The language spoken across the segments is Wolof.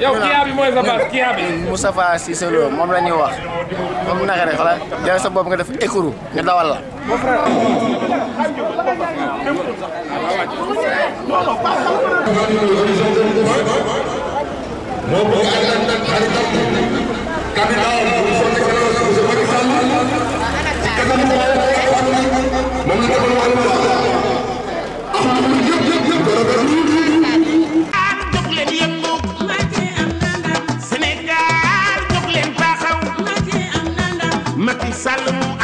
yow kii bi mooy sa bas kii bi Moustapha Cissé Lo moom wax moom naka rek xala yow sa bopp nga def écourou nga dawal la Salomon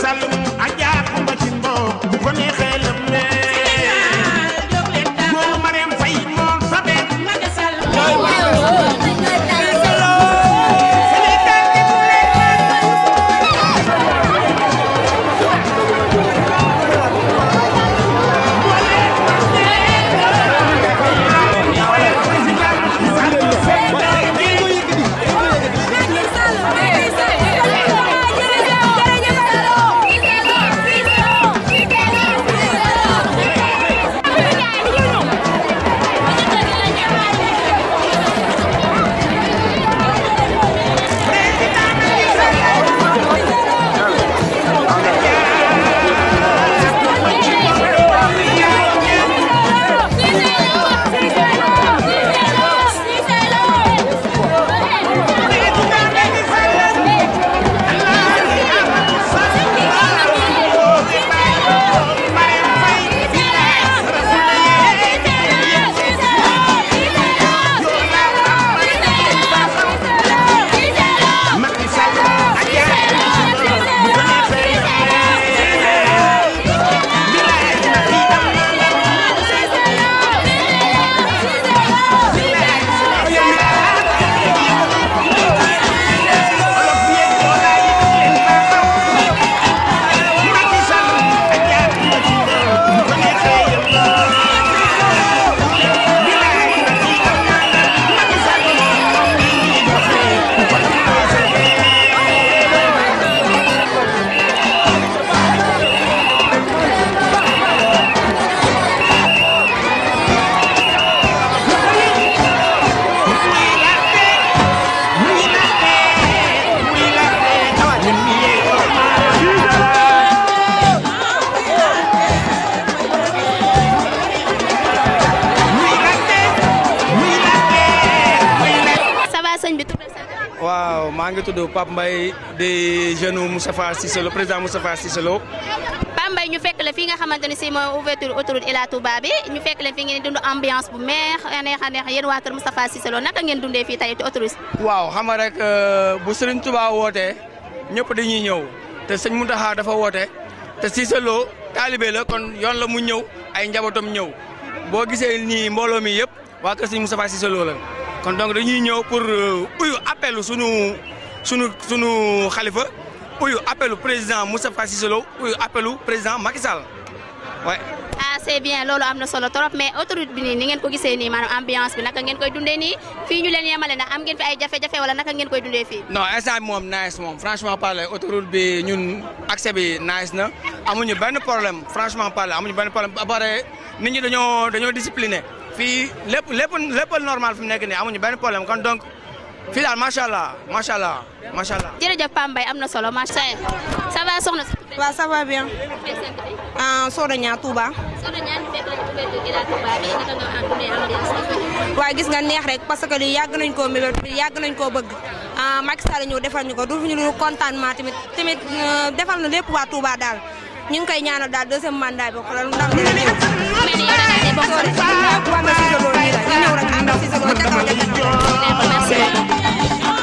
pensando maa ngi tudd Pape Mbaye di jeune Moustapha Cissé Lo président ñu fekk la fii nga xamante ne si mooy ouverture autoroute Ila Touba bi ñu fekk la fii ngeen dund ambiance bu meex neex a neex yéen waa kër Moustapha Cissé Lo naka ngeen dundee fii tey ci autoroute waaw xam nga rek euh, bu Serigne Touba wootee ñëpp dañuy ñëw te sëñ Mountakha dafa woote te Cissé Lo taalibe la kon yoon la mu ñëw ay njabootam ñëw boo gisee nii mbooloo mi yëpp waa kër sëñ la kon donc dañuy ñëw pour euh, uyu appelu suñu suñu suñu khalifa uyu appelu président Moussa Cissé Lo uyu appelu président Macky Sall ouais ah c'est bien lolu amna solo trop mais autoroute bi nii ni ngeen ko gisé ni manam ambiance bi naka ngeen koy dundé ni fii ñu leen yemale ndax am ngeen fi ay jafé jafé wala naka ngeen koy dundé fi non instant mom nice mom franchement parlé autoroute bi ñun accès bi nice na amuñu ben problème franchement parlé amuñu ben problème ba pare nit ñi dañoo dañoo discipliné. fii lépp lépp lépp normal fi mu nekk nii amuñu benn problème kon donc fii daal macha allah macha allah macha allah. jërëjëf Pam am na solo macha allah. ça va soxna si. waaw ça ah, nga am dundee gis nga neex rek parce que lii yàgg nañ koo mébét yàgg nañ koo bëgg. Ah, Macky Sall ñëw defal ñu ko du fi ñu lu kontaan ma tamit tamit euh, defal na lépp waa Touba daal. ñu ngi koy ñaanal daal deuxième mandat bi xoolal ndam dina ñëw. mais